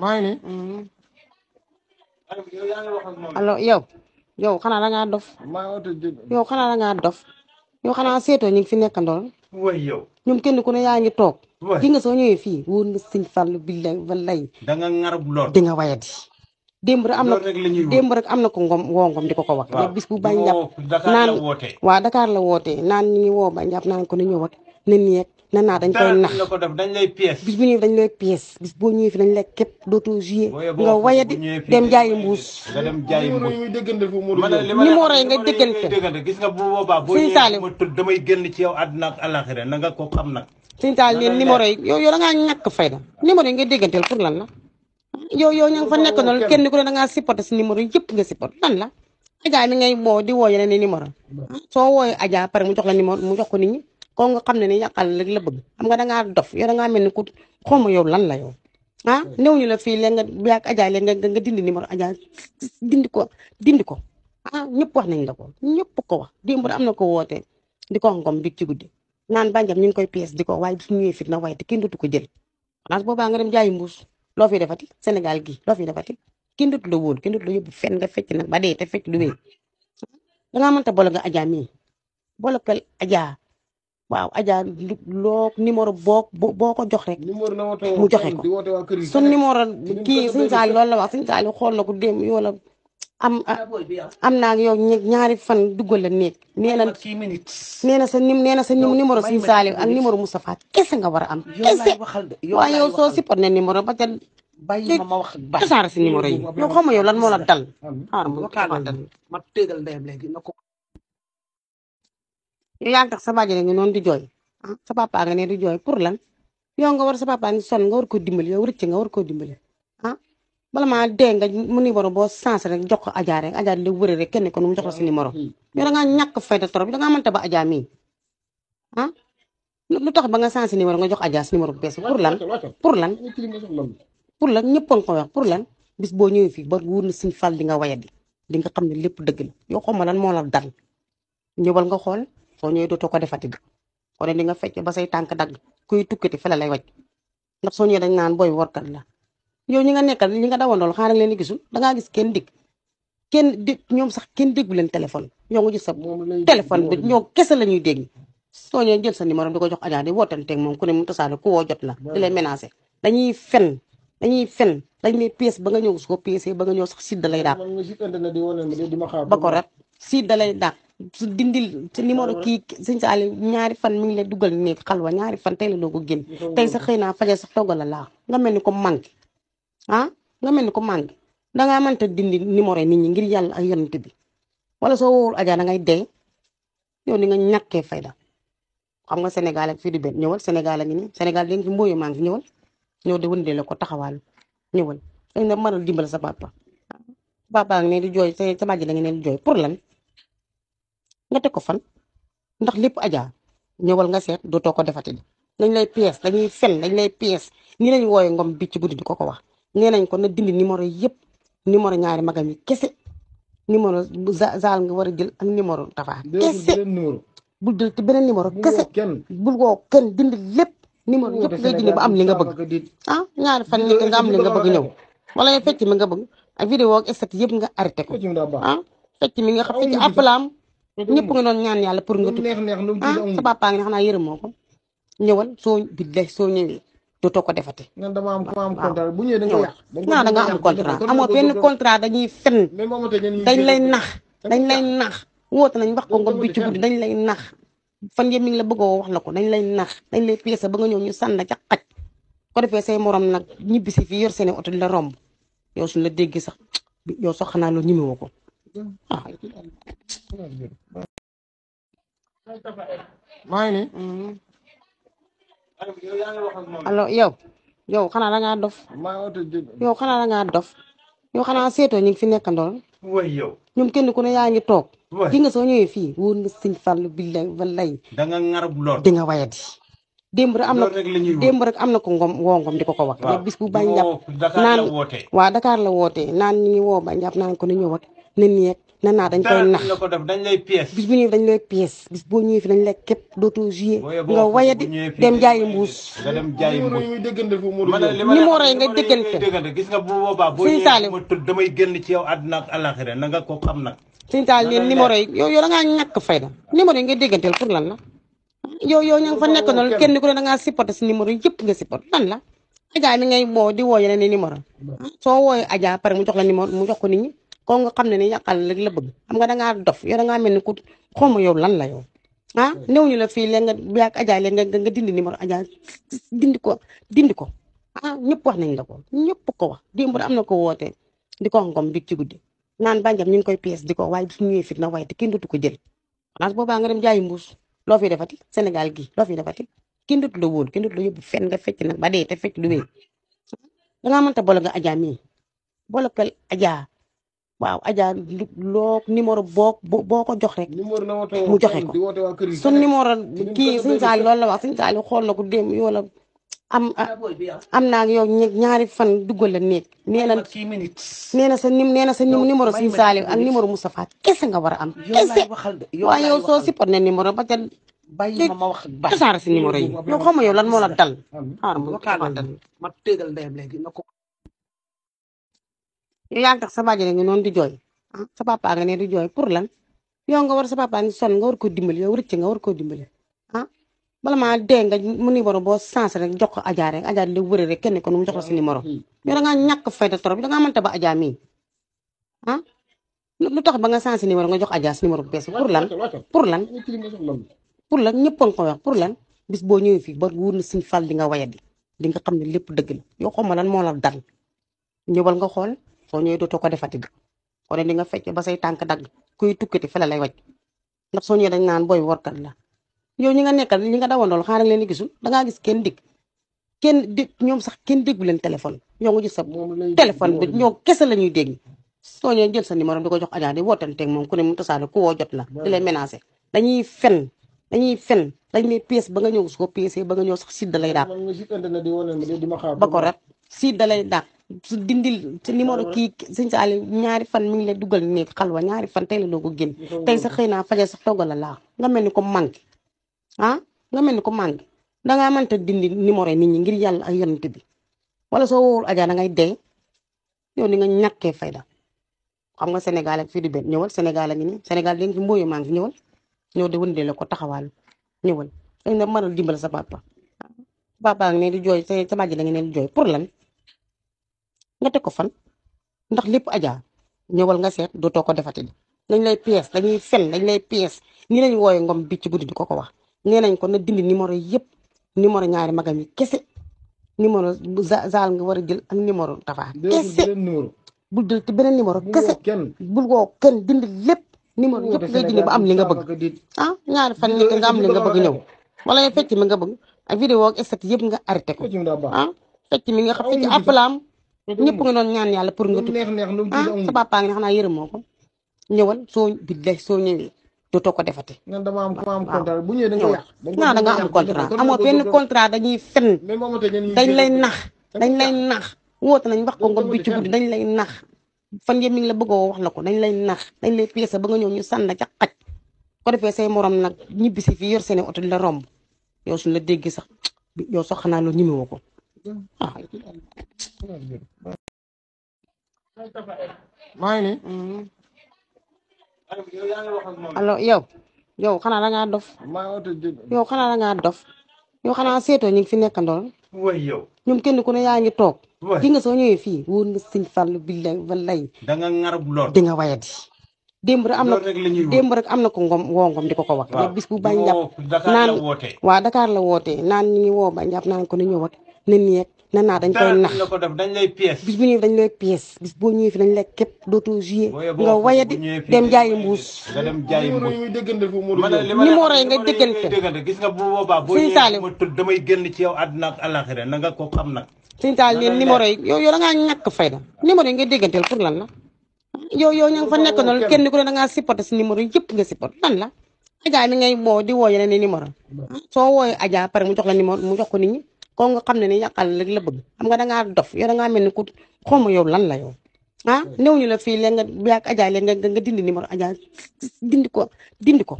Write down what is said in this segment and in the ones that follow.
maa ngi mm-hmm. yow yow xanaa da ngaa dof. yow xanaa da ngaa dof. yow xanaa seetoo ñu ngi fi nekkandool. waaye ñoom kenn ku ne yaa ngi toog. ki soo ñëwee fii wóor na sëñ Fall billahi wallahi. da nga ngarab lool di nga wayadi. démb rek am na démb rek am na ko ngom woo ngom di ko ko wax. waaw bis bu Dakar la wootee naan ñu ngi woo bañ naan ko ne ne nii nana dañ koy nax bis bu ñëwee dañ lay pièce bis bo ñëwee fi dañ lay kep doto jouer nga waya di dem jaay mbuss nga dem jaayi mbuus numéro yi nga déggante gis nga bu boba bo ñëwee ma tud damay genn ci yow aduna ak alakhirah na nga ko xam nag sëñ taal ni numéro yi yow yow da ngaa ñàkk fayda numéro yi nga dégganteel pour lan la yow yow ñang fa nek noonu kenn ku ne da ngaa supporté si numéro yëpp nga supporter lan la aja mi ngay bo di wo yeneen numéro ah, so wooyee aja par mu jox la numéro mu jox ko nit ñi ko nga xam ne ni yàqal la bëgg xam nga da ngaa dof yow da ngaa mel ni ku yow lan la yow ah hmm. néew ñu la fii léegi nga biak Adja léegi nga nga dindi numéro Adja dindi ko dindi ko ah ñëpp wax nañ la ko ñëpp ko wax démb am na ko woote di ko ngom bi ci guddi naan bànjam ñu ngi koy pièce di ko waaye su ñëwee fit na way te kenn dootu ko jël xanaa boobaa nga dem jaayi mbuus loo fi defati Sénégal gi loo fi defati kenn dootu la wóor kenn dootu la nga fecc na ba dee te fecc lu wéy ah, da ngaa bolo boole nga Adja mii boolekal Adja waaw Adja loo numéro boo boo ko jox rek. mu joxe ko suñ numéro kii suñ saali lool la wax suñ saali xool na ko démb wala am ah, ah. am naa yow ñaari fan duggal la néeg nee na nee na sa nim nee na sa numéro suñ saali ak numéro Moustapha kese nga war a am. kese waaye yow soo si pot ne numéro ba ca. bàyyi ma wax ak bàyyi si numéro yi yow xaw ma yow lan moo la dal. xaaral ma yow yang ngi tax sa waajur nga noonu di joy purlan, ah, sa papa nga ne di joy pour lan yow ya, nga war sa papa ni son nga war koo dimbali yow ya, rëcc nga war koo dimbali ah bala maa dee nga mu numéro boo sens rek jox ko Adja rek Adja di la nggak rek kenn ko nu mu jox la sa numéro yow da ngaa fayda da ah lu tax ba nga sens numéro nga jox Adja sa numéro bu bees pour lan pour lan pour lan ñëppoon ko wax pour lan bis boo ñëwee baru ba wóor na suñu fal di nga wayadi di nga xam ne lépp la lan moo la dal ñëwal nga soo ñëwee dootoo ko defati kon di nga fecc ba say tànk dagg kuy tukkati fële lay wàcc ndax soo ñëwee dañ naan booy workat la ñoo ñi nga nekkal ñi nga dawandool xaaral leen di gisul da ngaa gis kenn dégg kenn dégg sax kenn déggu leen téléphone ñoo ngi gis sa téléphone bi ñoo kese la ñuy dégg soo ñëwee jël sa numéro di ko jox Adja di wootanteeg moom ku ne mu tasaare ku woo jot la di lay menacé dañuy fen dañuy fen dañ lay pièce ba nga ñëw soo pièce ba nga ñëw sax sidda lay daaq ba ko rek sidda lay daaq su dindil ci numéro ah. kii sëñ Saliou ñaari fan mi ngi lay dugal néeg xalwa ñaari fan tey la doo ko génn tey sa xëy naa faja sax toggal la laa nga mel ni ko manqué ah nga mel ni ko manqué nga mënta dindi numéro nit ñi ngir yàlla ak yonent bi wala soo wowul Adja ngay dee yow ni nga ñàkkee fayda xam nga Sénégal ak fii di benn ñëwal Sénégal a ngi nii Sénégal léegi fi mbooyu maa ngi fi ñëwal de wëndee la ko taxawal ñëwal dañ na mën a dimbal sa papa papa ngi ne di jooy sa sa bàjj da nga ne di jooy pour lan nga teg ko fan ndax lépp ajaa ñëwal nga seet dootoo ko defati dañ lay pièce dañuy fen dañ lay pièce ni lañ wooye ngom bi ci ko ko wax nee nañ ko na dindi numéro yëpp numéro ñaari magam yi kese numéro zaal nga war a jël ak numéro tafaa kese bul jël ci beneen numéro kese bul woo kenn dindi lépp numéro yëpp ngay dindi ba am li nga bëgg ah ñaari fan nekk nga am li nga bëgg ñëw wala fecc mi nga bëgg a vidéo ak stat yëpp nga arrêté ko ah fecc mi nga xam ñëpp nga doon ñaan yàlla pour nga tukki ah sa papa nga xanaa yërëmoo ko ñëwal soo billahi soo ñëwee dootoo ko defati. waaw dama am contrat bu ñëwee da nga yàq. da nga am contrat amoo benn contrat dañuy fen dañ lay nax dañ lay nax woote nañ wax ko nga bi ci guddi dañ lay nax fan yéen mi ngi la bëggoo wax la ko dañ lay nax dañ lay peese ba nga ñëw ñu sànn ca xaj ko defee say moroom nag ñibbi si fii yor seen i oto di la romb yow la déggee sax yow sax xanaa loolu ñemewoo ko waaw. maa yow yow xanaa da ngaa dof. yow xanaa da dof. yow xanaa seetoo ñu ngi fi nekkandool. waaye yow. ñoom kenn ku ne yaa ngi toog. ki nga soo ñëwee fii wóor na sëñ Fall billahi wallahi. da nga di nga wayadi. démb rek am na ko ngom woo ngom di ko ko wax. waaw bis bu Dakar la wootee naan ñu ngi woo bañ naan ko ne ne nii nana dañ koy nax dañ lay pièce bis bu ñëwee dañ lay pièce bis bo ñëwee fi dañ lay kep doto jouer nga waya di dem jaay mbuss nga dem jaayi mbuus numéro yi nga déggante gis nga bu boba bo ñëwee mo tud damay genn ci yow àdduna ak alakhirah na nga ko xam nag sëñ taal ni mo ray yow yow da fay da ni mo ray nga deggantel pour lan la yow yow ñang fa nek na kenn ku ne da nga supporter ci numéro yépp nga supporter lan la aja ni ngay bo di woo yeneen numéro ah, so wo aja par mu jox la numéro mu jox ko nit ñi ko nga xam ne ni yàqal rek la bëgg xam nga da ngaa dof yow da ngaa mel ni ku xawma lan la yow ah hmm. néew ñu la fii léegi nga biak Adja léegi nga nga dindi numéro Adja dindi ko dindi ko ah ñëpp wax nañ la ko ñëpp ko wax démb am na ko woote di ko ngom bi ci guddi naan bànjam ñu ngi koy pièce di ko waaye su ñëwee fit na waaye te kenn dootu ko jël xanaa boobaa nga dem jaayi mbuus loo fi defati Sénégal gi loo fi kenn dootu la wóor kenn dootu la yóbbu nga fecc na ba dee te fecc lu wéy bolo ngaa mënta boole nga Adja mii boolekal Adja waaw Adja loo numéro boo boo ko jox rek. mu joxe ko suñ numéro kii suñ saali lool la wax suñ saali xool na ko démb yoo la am ah, ah. am naa yow ñaari fan duggal la néeg nee na nee na sa nim nee na sa numéro suñ saali ak numéro Moustapha kese nga war a am. kese waaye yow soo si pot ne numéro ba ca. bàyyi ma ma wax ak bàyyi si numéro yi yow xam nga yow lan moo la dal. xaaral ma ma yow yaa ngi tax sa waajur ngi non di joy sa papa nga ne di joy pour lan yo nga war sa papa ni son nga war ko dimbali yo rëcc nga war ko dimbali ah bala ma de nga mu waro bo sans rek jox ko Adja rek Adja di la rek kenn ko nu mu jox la sa numéro yo nga ñak fayda torop da ngaa ba Adja mi ah lu tax ba nga sens numéro nga jox Adja sa numéro bes pour lan pour lan pour lan ñepp a ko wax pour lan bis bo ñëwee fi ba wuur na suñu fal di nga wayadi di nga xam lepp deug la yo xaw lan mo la dal ñëwal nga xol soo ñëwee dootoo ko defati wala di nga fecc ba say tànk dagg kuy tukkati fële lay wàcc ndax soo ñëwee dañ naan booy workat la ñoo ñi nga nekkal ñi nga dawandool xaaral leen di gisul da ngaa gis kenn dégg kenn dégg ñoom sax kenn déggu leen téléphone ñoo ngi gis sa téléphone bi ñoo kese la ñuy dégg soo ñëwee jël sa numéro di ko jox Adja di wootanteeg moom ku ne mu tasaare ku woo jot la di lay menacé dañuy fen dañuy fen dañ lay pièce ba nga ñëw soo pièce sax sidda lay daal ba ko rek da lay daal su dindil ci numéro ah. kii sëñ Saliou ñaari fan mi ngi lay dugal ne xalwa ñaari fan tey la doo ko génn tey sax xëy naa faja sax toggal la laa nga mel ni ko manqué ah nga mel ni ko manqué dangaa mënta dindi numéro nit ñi ngir yàlla ak yonent bi wala soo wowul Adja ngay dee yow ni nga ñàkkee fayda xam nga Sénégal ak fii di benn Sénégal a ngi nii Sénégal léegi fi mbooyu maa ngi fi ñëwal ñëw de wëndee ko taxawal ñëwal dañ na mën a dimbal sa papa papa ngi ne di jooy sa bàjj da nga ne di jooy pour lan nga teg ko fan ndax lépp ajaa ñëwal nga seet dootoo ko defati dañ lay pièce dañuy fen dañ lay pièce ni lañ wooye ngom bi ci di ko ko wax nee nañ ko na dindi numéro yëpp numéro ñaari magam yi kese numéro zaal nga war a jël ak numéro tafaa kese bul jël ci beneen numéro kese bul woo kenn dindi lépp numéro yëpp ngay dindi ba am li nga bëgg ah ñaari fan nekk nga am li nga bëgg ñëw wala yow fecc mi nga bëgg ak vidéo ak stat yëpp nga arrêté ko ah fecc mi nga xam fecc ñëpp nga doon ñaan yàlla pour nga tukki ah sa papa nga xanaa yërëmoo ko ñëwal soo billahi soo ñëwee dootoo ko defati. waaw dama am contrat bu ñëwee da nga yàq. da nga am contrat amoo benn contrat dañuy fen dañ lay nax dañ lay nax woote nañ wax ko nga bi ci guddi dañ lay nax fan yéen mi ngi la bëggoo wax la ko dañ lay nax dañ lay peese ba nga ñëw ñu sànn ca xaj ko defee say moroom nag ñibbi si fii yor seen i oto la romb yow suñu la déggee sax yow sax xanaa loolu ñemewoo ko waaw. maa yow yow xanaa da ngaa dof. yow xanaa da ngaa dof. yow xanaa seetoo ñu ngi fi nekkandool. waaye ñoom kenn ku ne yaa ngi toog. ji nga soo ñëwee fii wóor nga sëñ Fall billahi wallahi. da nga ngarab lool di nga wayadi. démb rek am na ko ngom woo ngom di ko ko wax. waaw bis bu Dakar la woote naan ñu ngi woo bañ naan ko ne ne nii nana dañ koy nax bis bu ñëwee dañ lay pièce bis bo ñëwee fi dañ lay kep doto jouer nga wayadi dem jaay mbuss nga dem jaayi mbuus numéro ray nga déggante gis nga bu boba bo ñëwee ma tudd damay genn ci yow àdduna ak alakhirah na nga ko xam nag tal ni ni mo ray yow yow da fay da ni mo ray nga deggantel pour lan la yow yow ñang fa nekk na kenn ku ne da nga supporter ci numéro yépp nga supporter lan la Adja ni ngay bo di wo yeneen numéro ah, so wo aja par mu jox la numéro mu jox ko nit ñi koo nga xam ne ni yàqal rek la bëgg xam nga da ngaa dof yow da ngaa mel ni ku xawma lan la yow ah néew hmm. ñu la fii léegi nga biak Adja léegi nga nga dindi numéro Adja dindi ko dindi ko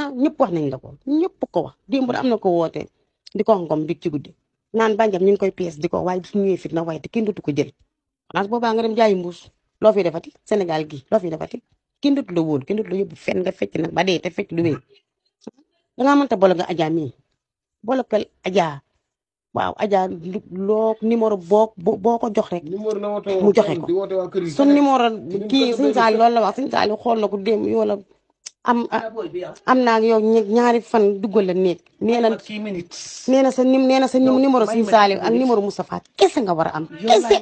ah ñëpp wax nañ la ko ñëpp ko wax démb am na ko woote di ko ngom bi ci guddi naan bànjam ñu ngi koy pièce di ko waaye su ñëwee fit na waaye te kenn dootu ko jël xanaa boobaa nga dem jaayi mbuus loo fi defati Sénégal gi loo fi defati kenn dootu lo wóolu kenn dootu la yóbbu fenn nga fecc nag ba dee te fecc lu wéy dangaa bolo boole nga Adja mii boolekal Adja waaw Adja loo numéro boo boo ko jox rek. mu joxe ko suñ numéro kii suñ saali lool la wax suñ saali xool na ko démb yoo am ah, am naa yow ñaari fan duggal la nekk. nee na nee na sa nim nee na sa numéro suñ saali ak numéro Moustapha kese nga war a am. kese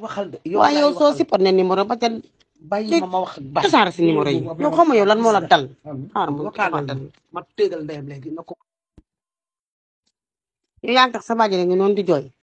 waaye yow soo si ne numéro ba ca. ba ma ma wax ak bàyyi si numéro yi. yow xam nga yow lan moo la dal. ah ma dal yow yaa ngi tax sa bàjjen ngi noonu di jooy